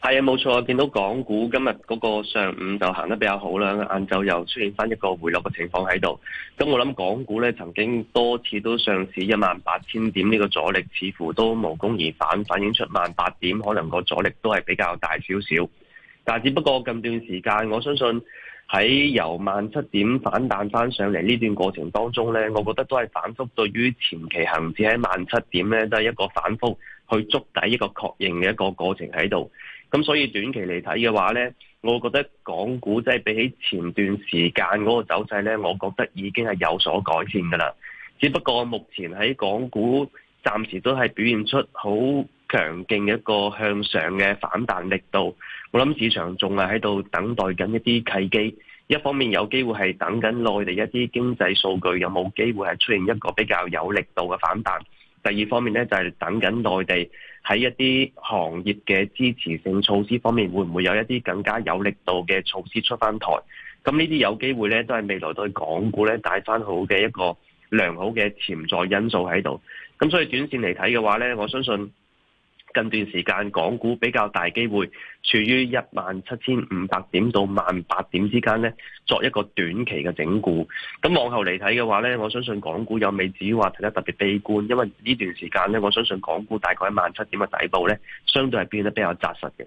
係啊，冇錯啊！見到港股今日嗰個上午就行得比較好啦，晏晝又出現翻一個回落嘅情況喺度。咁我諗港股咧，曾經多次都上至一萬八千點呢個阻力，似乎都無功而返，反映出萬八點可能個阻力都係比較大少少。但只不過近段時間，我相信喺由萬七點反彈翻上嚟呢段過程當中咧，我覺得都係反覆對於前期行至喺萬七點咧，都係一個反覆去築底一個確認嘅一個過程喺度。咁所以短期嚟睇嘅話咧，我覺得港股即係比起前段時間嗰個走勢咧，我覺得已經係有所改善噶啦。只不過目前喺港股暫時都係表現出好強勁嘅一個向上嘅反彈力度。我諗市場仲係喺度等待緊一啲契機，一方面有機會係等緊內地一啲經濟數據有冇機會係出現一個比較有力度嘅反彈。第二方面咧，就係等緊內地喺一啲行業嘅支持性措施方面，會唔會有一啲更加有力度嘅措施出翻台？咁呢啲有機會咧，都係未來對港股咧帶翻好嘅一個良好嘅潛在因素喺度。咁所以短線嚟睇嘅話咧，我相信，近段時間港股比較大機會處於一萬七千五百點到萬八點之間咧，作一個短期嘅整固。咁往後嚟睇嘅話咧，我相信港股又未至於話睇得特別悲觀，因為呢段時間咧，我相信港股大概一萬七點嘅底部咧，相對係變得比較紮實嘅。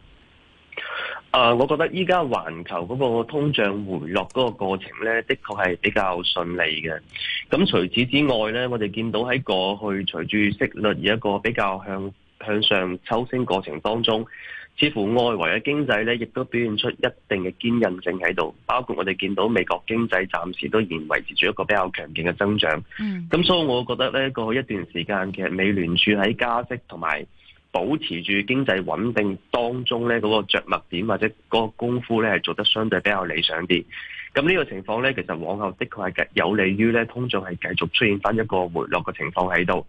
啊，uh, 我覺得依家環球嗰個通脹回落嗰個過程咧，的確係比較順利嘅。咁除此之外咧，我哋見到喺過去隨住息率而一個比較向向上抽升過程當中，似乎外圍嘅經濟咧，亦都表現出一定嘅堅韌性喺度。包括我哋見到美國經濟暫時都仍然維持住一個比較強勁嘅增長。嗯。咁所以我覺得咧，過去一段時間其實美聯儲喺加息同埋，保持住經濟穩定當中咧，嗰個着墨點或者嗰個功夫咧，係做得相對比較理想啲。咁呢個情況咧，其實往後的確係有利於咧通脹係繼續出現翻一個回落嘅情況喺度。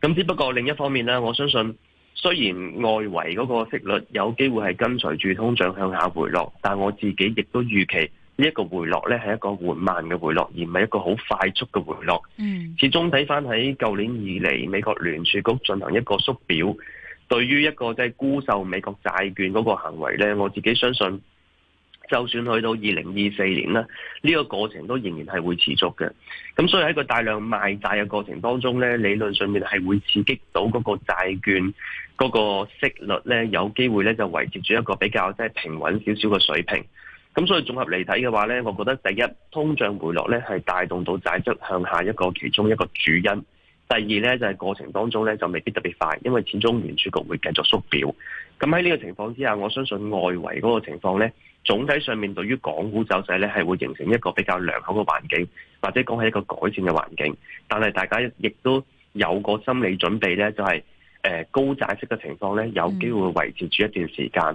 咁只不過另一方面咧，我相信雖然外圍嗰個息率有機會係跟隨住通脹向下回落，但我自己亦都預期呢一個回落咧係一個緩慢嘅回落，而唔係一個好快速嘅回落。嗯，始終睇翻喺舊年以嚟，美國聯儲局進行一個縮表。對於一個即係沽售美國債券嗰個行為咧，我自己相信，就算去到二零二四年啦，呢個過程都仍然係會持續嘅。咁所以喺一個大量賣債嘅過程當中咧，理論上面係會刺激到嗰個債券嗰個息率咧，有機會咧就維持住一個比較即係平穩少少嘅水平。咁所以綜合嚟睇嘅話咧，我覺得第一通脹回落咧係帶動到債值向下一個其中一個主因。第二咧就係、是、過程當中咧就未必特別快，因為始終聯儲局會繼續縮表。咁喺呢個情況之下，我相信外圍嗰個情況咧，總體上面對於港股走勢咧係會形成一個比較良好嘅環境，或者講係一個改善嘅環境。但係大家亦都有個心理準備咧，就係、是、誒、呃、高債息嘅情況咧，有機會維持住一段時間。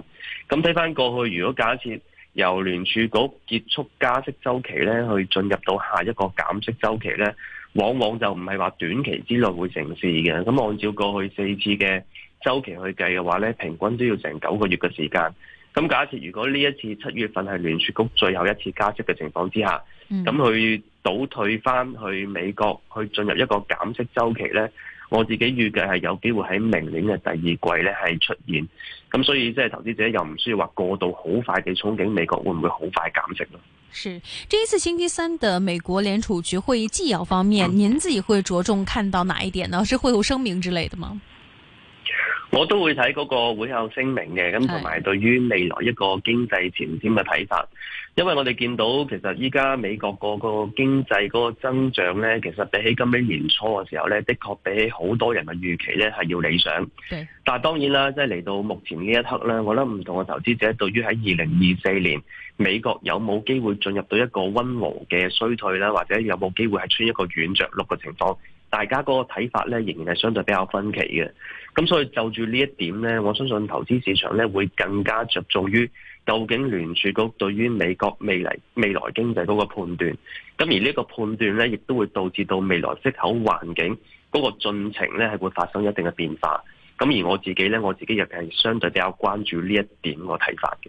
咁睇返過去，如果假設由聯儲局結束加息週期咧，去進入到下一個減息週期咧。往往就唔係話短期之內會成事嘅，咁按照過去四次嘅周期去計嘅話呢，平均都要成九個月嘅時間。咁假設如果呢一次七月份係聯儲局最後一次加息嘅情況之下，咁去倒退返去美國，去進入一個減息周期呢。我自己預計係有機會喺明年嘅第二季咧係出現，咁所以即係投資者又唔需要話過度好快地憧憬美國會唔會好快減息咯。是，這一次星期三的美國聯儲局會議紀要方面，嗯、您自己會着重看到哪一點呢？是會有聲明之類的嗎？我都會睇嗰個會後聲明嘅，咁同埋對於未來一個經濟前景嘅睇法。因為我哋見到其實依家美國嗰個經濟嗰個增長咧，其實比起今年年初嘅時候咧，的確比起好多人嘅預期咧係要理想。的但係當然啦，即係嚟到目前呢一刻咧，我覺得唔同嘅投資者對於喺二零二四年美國有冇機會進入到一個溫和嘅衰退啦，或者有冇機會係出現一個軟着陸嘅情況，大家嗰個睇法咧，仍然係相對比較分歧嘅。咁所以就住呢一點呢，我相信投資市場呢會更加着重於究竟聯儲局，對於美國未來未來經濟嗰個判斷。咁而呢個判斷呢亦都會導致到未來息口環境嗰個進程呢係會發生一定嘅變化。咁而我自己呢，我自己亦係相對比較關注呢一點個睇法嘅。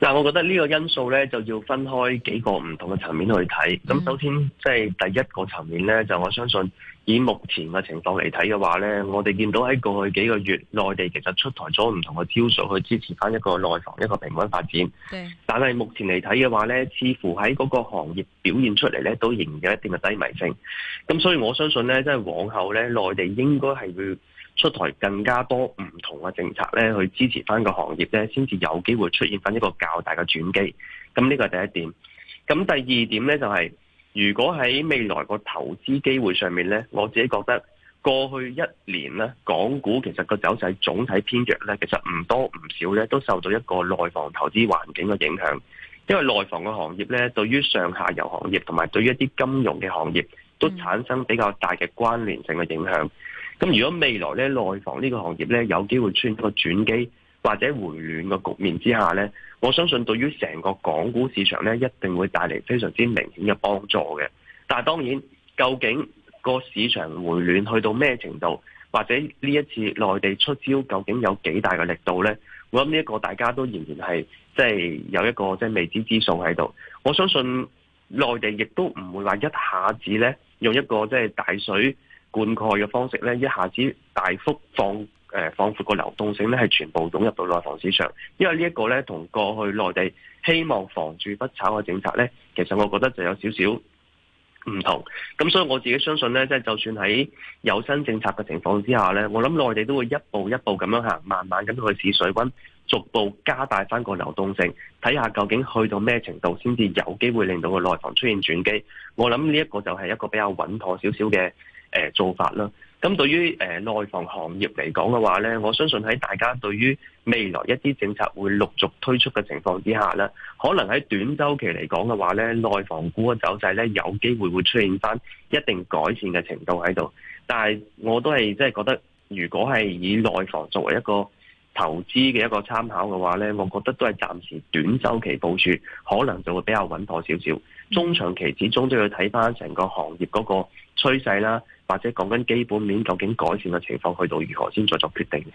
嗱，我覺得呢個因素咧，就要分開幾個唔同嘅層面去睇。咁首先，即係第一個層面咧，就我相信。以目前嘅情況嚟睇嘅話呢，我哋見到喺過去幾個月內地其實出台咗唔同嘅招數去支持翻一個內房一個平穩發展。對但係目前嚟睇嘅話呢，似乎喺嗰個行業表現出嚟呢都仍有一定嘅低迷性。咁所以我相信呢，即係往後呢，內地應該係會出台更加多唔同嘅政策呢去支持翻個行業呢，先至有機會出現翻一個較大嘅轉機。咁呢個係第一點。咁第二點呢就係、是。如果喺未來個投資機會上面呢，我自己覺得過去一年呢，港股其實個走勢總體偏弱呢，其實唔多唔少呢都受到一個內房投資環境嘅影響，因為內房嘅行業呢，對於上下游行業同埋對於一啲金融嘅行業都產生比較大嘅關聯性嘅影響。咁如果未來呢內房呢個行業呢，有機會出現一個轉機，或者回暖嘅局面之下呢，我相信對於成個港股市場呢，一定會帶嚟非常之明顯嘅幫助嘅。但係當然，究竟個市場回暖去到咩程度，或者呢一次內地出招究竟有幾大嘅力度呢，我諗呢一個大家都仍然係即係有一個即係未知之數喺度。我相信內地亦都唔會話一下子呢，用一個即係大水灌溉嘅方式呢，一下子大幅放誒放闊個流動性咧，係全部湧入到內房市場，因為這個呢一個咧同過去內地希望房住不炒嘅政策咧，其實我覺得就有少少唔同。咁所以我自己相信咧，即係就算喺有新政策嘅情況之下咧，我諗內地都會一步一步咁樣行，慢慢咁去試水溫，逐步加大翻個流動性，睇下究竟去到咩程度先至有機會令到個內房出現轉機。我諗呢一個就係一個比較穩妥少少嘅誒做法啦。咁對於誒內房行業嚟講嘅話呢，我相信喺大家對於未來一啲政策會陸續推出嘅情況之下呢，可能喺短週期嚟講嘅話呢，內房股嘅走勢呢，有機會會出現翻一定改善嘅程度喺度。但係我都係即係覺得，如果係以內房作為一個投資嘅一個參考嘅話呢，我覺得都係暫時短週期部署，可能就會比較穩妥少少。中長期始終都要睇翻成個行業嗰個。趨勢啦，或者講緊基本面究竟改善的情況去到如何先再做決定嘅。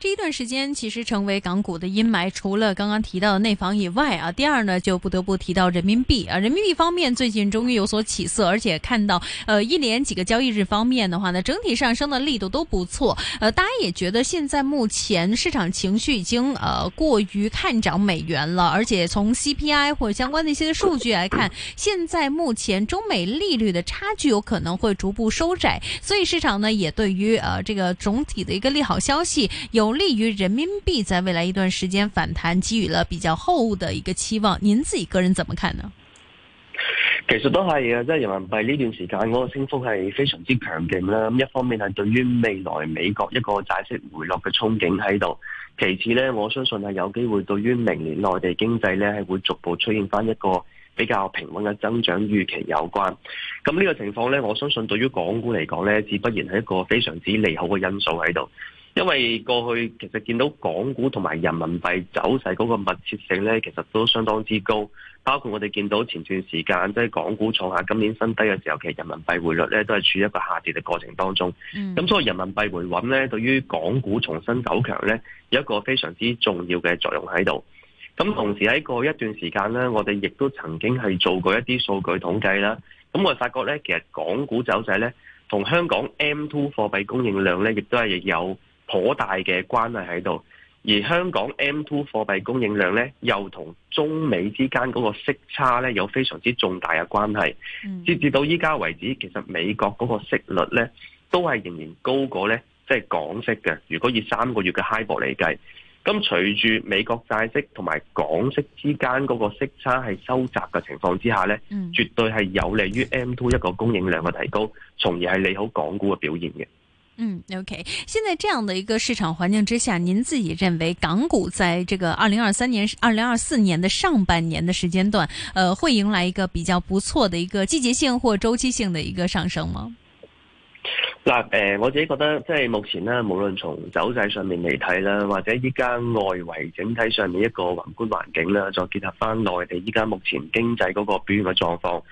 這一段時間其實成為港股的陰霾，除了剛剛提到的內房以外，啊，第二呢就不得不提到人民幣啊。人民幣方面最近終於有所起色，而且看到，呃，一連幾個交易日方面的話，呢整體上升的力度都不錯。呃，大家也覺得現在目前市場情緒已經，呃，過於看漲美元了，而且從 CPI 或相關的一些數據來看，現在目前中美利率的差距有可能。會逐步收窄，所以市場呢也對於，呃、啊，這個總體的一個利好消息，有利於人民幣在未來一段時間反彈，給予了比較厚的一個期望。您自己個人怎麼看呢？其實都係啊，即係人民幣呢段時間嗰個升幅係非常之強勁啦。一方面係對於未來美國一個債息回落嘅憧憬喺度，其次呢，我相信係有機會對於明年內地經濟呢，係會逐步出現翻一個。比較平穩嘅增長預期有關，咁呢個情況呢，我相信對於港股嚟講呢，只不然係一個非常之利好嘅因素喺度，因為過去其實見到港股同埋人民幣走勢嗰個密切性呢，其實都相當之高。包括我哋見到前段時間即係港股創下今年新低嘅時候，其實人民幣匯率呢都係處於一個下跌嘅過程當中。咁、嗯、所以人民幣回穩呢，對於港股重新走強呢，有一個非常之重要嘅作用喺度。咁同時喺過一段時間咧，我哋亦都曾經係做過一啲數據統計啦。咁我發覺咧，其實港股走勢咧，同香港 M2 貨幣供應量咧，亦都係有頗大嘅關係喺度。而香港 M2 貨幣供應量咧，又同中美之間嗰個息差咧，有非常之重大嘅關係。嗯、直至到依家為止，其實美國嗰個息率咧，都係仍然高過咧，即、就、係、是、港息嘅。如果以三個月嘅 high 博嚟計。咁隨住美國債息同埋港息之間嗰個息差係收窄嘅情況之下呢、嗯、絕對係有利於 M two 一個供應量嘅提高，從而係利好港股嘅表現嘅。嗯，OK，現在這樣的一個市場環境之下，您自己認為港股在這個二零二三年、二零二四年的上半年的時間段，呃，會迎來一個比較不錯的一個季節性或周期性嘅一個上升嗎？嗱，誒、呃、我自己覺得，即係目前咧，無論從走勢上面嚟睇啦，或者依家外圍整體上面一個宏觀環境啦，再結合翻內地依家目前經濟嗰個表現嘅狀況。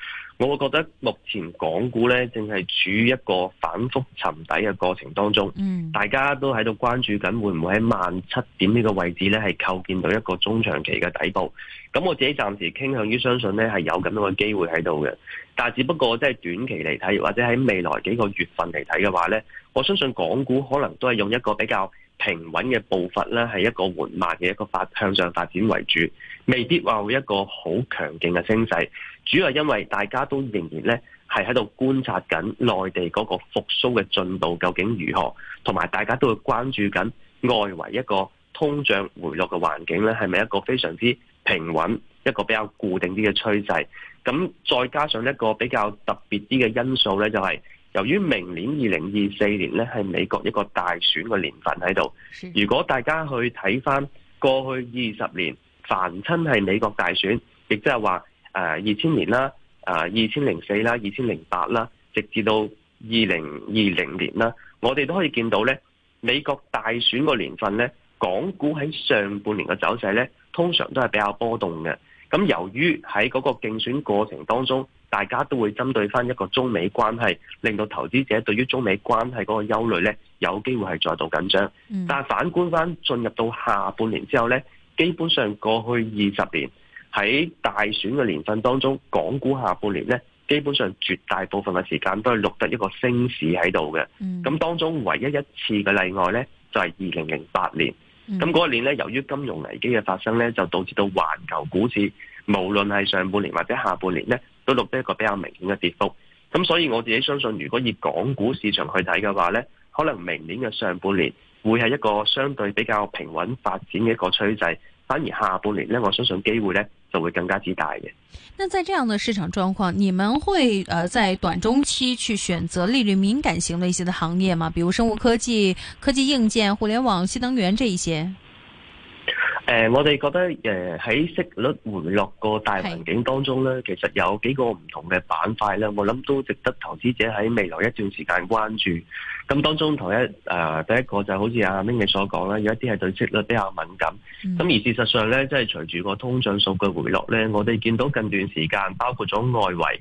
我覺得目前港股咧，正係處於一個反覆尋底嘅過程當中。嗯，大家都喺度關注緊，會唔會喺萬七點呢個位置咧，係構建到一個中長期嘅底部？咁我自己暫時傾向於相信咧，係有咁樣嘅機會喺度嘅。但係，只不過即係短期嚟睇，或者喺未來幾個月份嚟睇嘅話咧，我相信港股可能都係用一個比較平穩嘅步伐，呢係一個緩慢嘅一個向上發展為主，未必話會有一個好強勁嘅升勢。主要係因為大家都仍然咧係喺度觀察緊內地嗰個復甦嘅進度究竟如何，同埋大家都會關注緊外圍一個通脹回落嘅環境咧，係咪一個非常之平穩、一個比較固定啲嘅趨勢？咁再加上一個比較特別啲嘅因素咧，就係，就係由於明年二零二四年咧係美國一個大選嘅年份喺度。如果大家去睇翻過去二十年凡親係美國大選，亦即係話。誒，二千年啦，誒，二千零四啦，二千零八啦，直至到二零二零年啦，我哋都可以見到咧，美國大選個年份咧，港股喺上半年嘅走勢咧，通常都係比較波動嘅。咁由於喺嗰個競選過程當中，大家都會針對翻一個中美關係，令到投資者對於中美關係嗰個憂慮咧，有機會係再度緊張，但係反觀翻進入到下半年之後咧，基本上過去二十年。喺大選嘅年份當中，港股下半年呢，基本上絕大部分嘅時間都係錄得一個升市喺度嘅。咁、嗯、當中唯一一次嘅例外呢，就係二零零八年。咁、那、嗰、個、年呢，由於金融危機嘅發生呢，就導致到環球股市無論係上半年或者下半年呢，都錄得一個比較明顯嘅跌幅。咁所以我自己相信，如果以港股市場去睇嘅話呢，可能明年嘅上半年會係一個相對比較平穩發展嘅一個趨勢。反而下半年呢，我相信機會呢就會更加之大嘅。那在這樣的市場狀況，你們會呃在短中期去選擇利率敏感型的一些的行業嗎？比如生物科技、科技硬件、互聯網、新能源這一些。誒、呃，我哋覺得誒喺、呃、息率回落個大環境當中咧，其實有幾個唔同嘅板塊咧，我諗都值得投資者喺未來一段時間關注。咁當中一，頭一誒第一個就是好似阿 Ming 嘅所講啦，有一啲係對息率比較敏感。咁、嗯、而事實上咧，即係隨住個通脹數據回落咧，我哋見到近段時間包括咗外圍。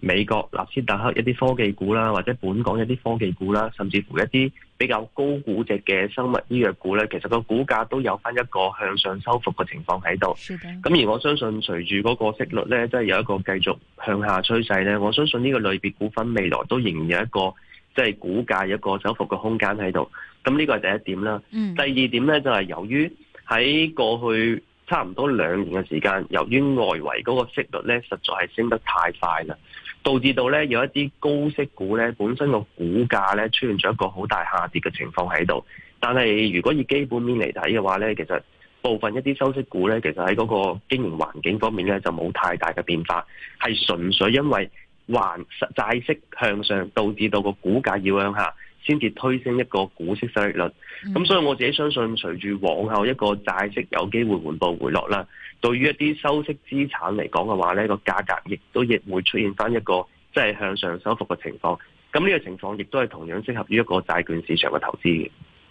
美國納斯達克一啲科技股啦，或者本港一啲科技股啦，甚至乎一啲比較高估值嘅生物醫藥股咧，其實個股價都有翻一個向上收復嘅情況喺度。咁而我相信，隨住嗰個息率咧，即係有一個繼續向下趨勢咧，我相信呢個類別股份未來都仍然有一個即係股價一個收復嘅空間喺度。咁呢個係第一點啦。第二點咧就係由於喺過去差唔多兩年嘅時間，由於外圍嗰個息率咧，實在係升得太快啦。導致到咧，有一啲高息股咧，本身個股價咧出現咗一個好大下跌嘅情況喺度，但係如果以基本面嚟睇嘅話咧，其實部分一啲收息股咧，其實喺嗰個經營環境方面咧就冇太大嘅變化，係純粹因為還債息向上導致到個股價要向下。先至推升一個股息收益率，咁所以我自己相信，隨住往後一個債息有機會緩步回落啦。對於一啲收息資產嚟講嘅話，呢個價格亦都亦會出現翻一個即係向上收復嘅情況。咁呢個情況亦都係同樣適合於一個債券市場嘅投資嘅。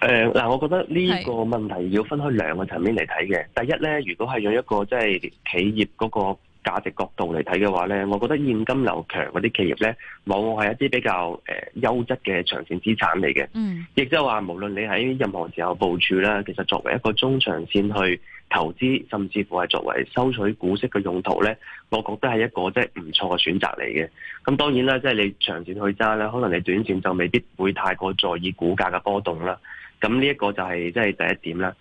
誒，嗱、呃，我覺得呢個問題要分開兩個層面嚟睇嘅。是第一咧，如果係用一個即係、就是、企業嗰個價值角度嚟睇嘅話咧，我覺得現金流強嗰啲企業咧，往往係一啲比較誒、呃、優質嘅長線資產嚟嘅。嗯。亦即係話，無論你喺任何時候部署啦，其實作為一個中長線去投資，甚至乎係作為收取股息嘅用途咧，我覺得係一個即係唔錯嘅選擇嚟嘅。咁當然啦，即、就、係、是、你長線去揸咧，可能你短線就未必會太過在意股價嘅波動啦。咁呢一個就係即係第一點啦。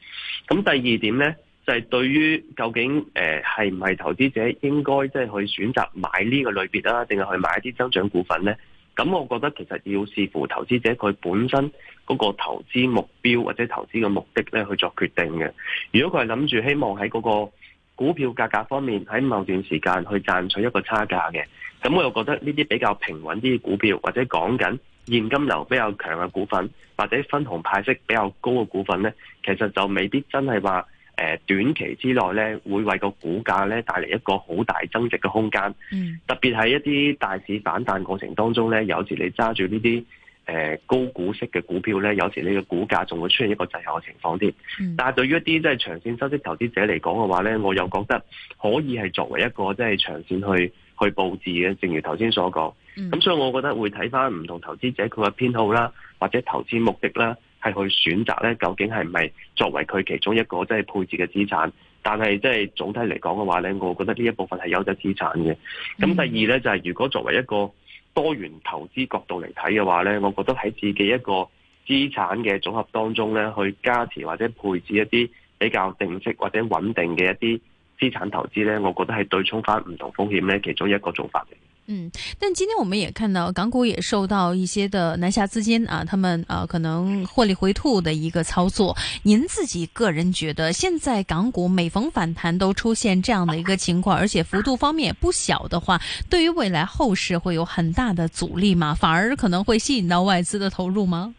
咁第二點呢，就係對於究竟誒係唔係投資者應該即係去選擇買呢個類別啦，定係去買一啲增長股份呢？咁我覺得其實要視乎投資者佢本身嗰個投資目標或者投資嘅目的呢去作決定嘅。如果佢係諗住希望喺嗰個股票價格方面喺某段時間去賺取一個差價嘅，咁我又覺得呢啲比較平穩啲嘅股票或者講緊，現金流比較強嘅股份，或者分紅派息比較高嘅股份呢，其實就未必真係話、呃，短期之內呢會為個股價呢帶嚟一個好大增值嘅空間。嗯、特別係一啲大市反彈過程當中呢，有時你揸住呢啲呃，高股息嘅股票呢，有時你嘅股價仲會出現一個滯後嘅情況添。嗯、但係對於一啲即係長線收息投資者嚟講嘅話呢，我又覺得可以係作為一個即係長線去去佈置嘅，正如頭先所講。咁、嗯、所以我覺得會睇翻唔同投資者佢嘅偏好啦，或者投資目的啦，係去選擇咧究竟，係咪作為佢其中一個即係、就是、配置嘅資產？但係即係總體嚟講嘅話咧，我覺得呢一部分係優質資產嘅。咁第二咧就係、是、如果作為一個多元投資角度嚟睇嘅話咧，我覺得喺自己一個資產嘅組合當中咧，去加持或者配置一啲比較定息或者穩定嘅一啲資產投資咧，我覺得係對沖翻唔同風險咧其中一個做法嚟。嗯，但今天我們也看到港股也受到一些的南下資金啊，他們啊可能獲利回吐的一個操作。您自己個人覺得，現在港股每逢反彈都出現這樣的一個情況，而且幅度方面也不小的話，對於未來後市會有很大的阻力嗎？反而可能會吸引到外資的投入嗎？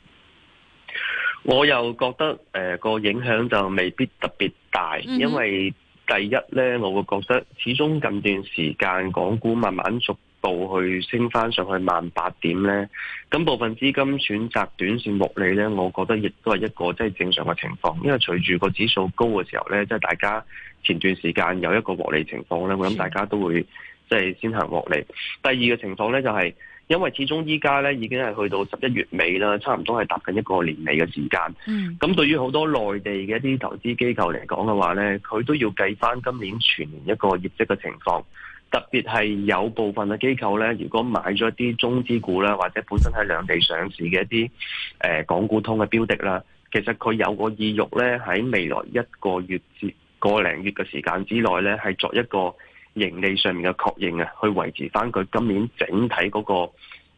我又覺得誒個、呃、影響就未必特別大，嗯哼。因為第一呢，我會覺得始終近段時間港股慢慢逐。步去升翻上去萬八點咧，咁部分資金選擇短線獲利咧，我覺得亦都係一個即係正常嘅情況，因為隨住個指數高嘅時候咧，即係大家前段時間有一個獲利情況咧，我諗大家都會即係先行獲利。第二個情況咧，就係因為始終依家咧已經係去到十一月尾啦，差唔多係踏緊一個年尾嘅時間，咁對於好多內地嘅一啲投資機構嚟講嘅話咧，佢都要計翻今年全年一個業績嘅情況。特別係有部分嘅機構咧，如果買咗一啲中資股啦，或者本身喺兩地上市嘅一啲、呃、港股通嘅標的啦，其實佢有個意欲咧，喺未來一個月至個零月嘅時間之內咧，係作一個盈利上面嘅確認啊，去維持翻佢今年整體嗰、那個資、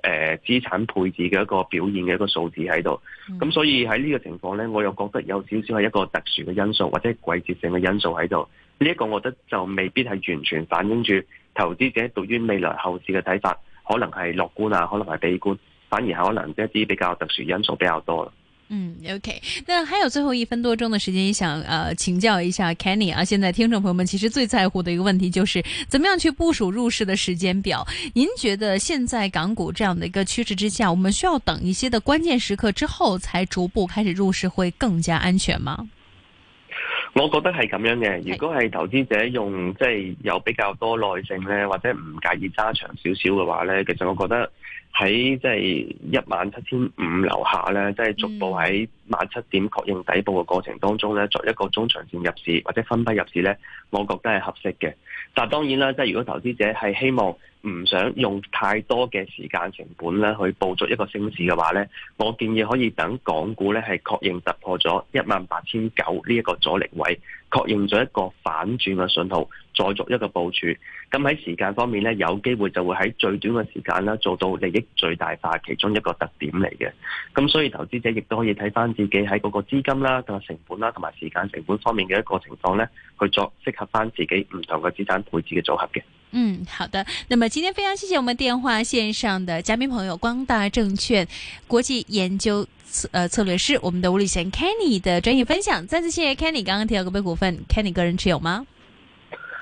呃、資產配置嘅一個表現嘅一個數字喺度。咁、嗯、所以喺呢個情況咧，我又覺得有少少係一個特殊嘅因素，或者季節性嘅因素喺度。呢、這、一個我覺得就未必係完全反映住。投資者對於未來後市嘅睇法，可能係樂觀啊，可能係悲觀，反而係可能一啲比較特殊因素比較多咯。嗯，OK，那還有最後一分多鐘嘅時間想，想、呃、啊請教一下 Kenny 啊，現在聽眾朋友們其實最在乎的一個問題，就是怎麼樣去部署入市嘅時間表？您覺得現在港股這樣嘅一個趨勢之下，我們需要等一些的關鍵時刻之後，才逐步開始入市會更加安全嗎？我覺得係咁樣嘅，如果係投資者用，即係有比較多耐性咧，或者唔介意揸長少少嘅話咧，其實我覺得。喺即係一萬七千五樓下咧，即係逐步喺萬七點確認底部嘅過程當中咧，作一個中長線入市或者分批入市咧，我覺得係合適嘅。但當然啦，即係如果投資者係希望唔想用太多嘅時間成本咧去捕捉一個升市嘅話咧，我建議可以等港股咧係確認突破咗一萬八千九呢一個阻力位，確認咗一個反轉嘅信號。再作一個部署，咁喺時間方面呢，有機會就會喺最短嘅時間啦，做到利益最大化，其中一個特點嚟嘅。咁所以投資者亦都可以睇翻自己喺嗰個資金啦、同埋成本啦，同埋時間成本方面嘅一個情況呢，去作適合翻自己唔同嘅資產配置嘅組合嘅。嗯，好的。那麼今天非常謝謝我們電話線上的嘉賓朋友，光大證券國際研究策，誒，策略師，我們的伍禮賢 Kenny 的專業分享。再次謝謝 Kenny，剛剛提到個別股份，Kenny 個人持有嗎？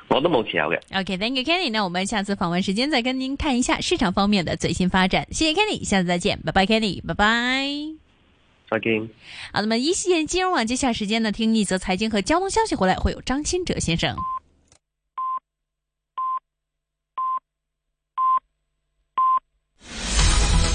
我都冇持有嘅。OK，thank、okay, you，Kenny。那我們下次訪問時間再跟您看一下市場方面的最新發展。謝謝 Kenny，下次再見，拜拜，Kenny，拜拜。再見。好，那麼一系列金融網，接下來時間呢，聽一則財經和交通消息，回來會有張新哲先生。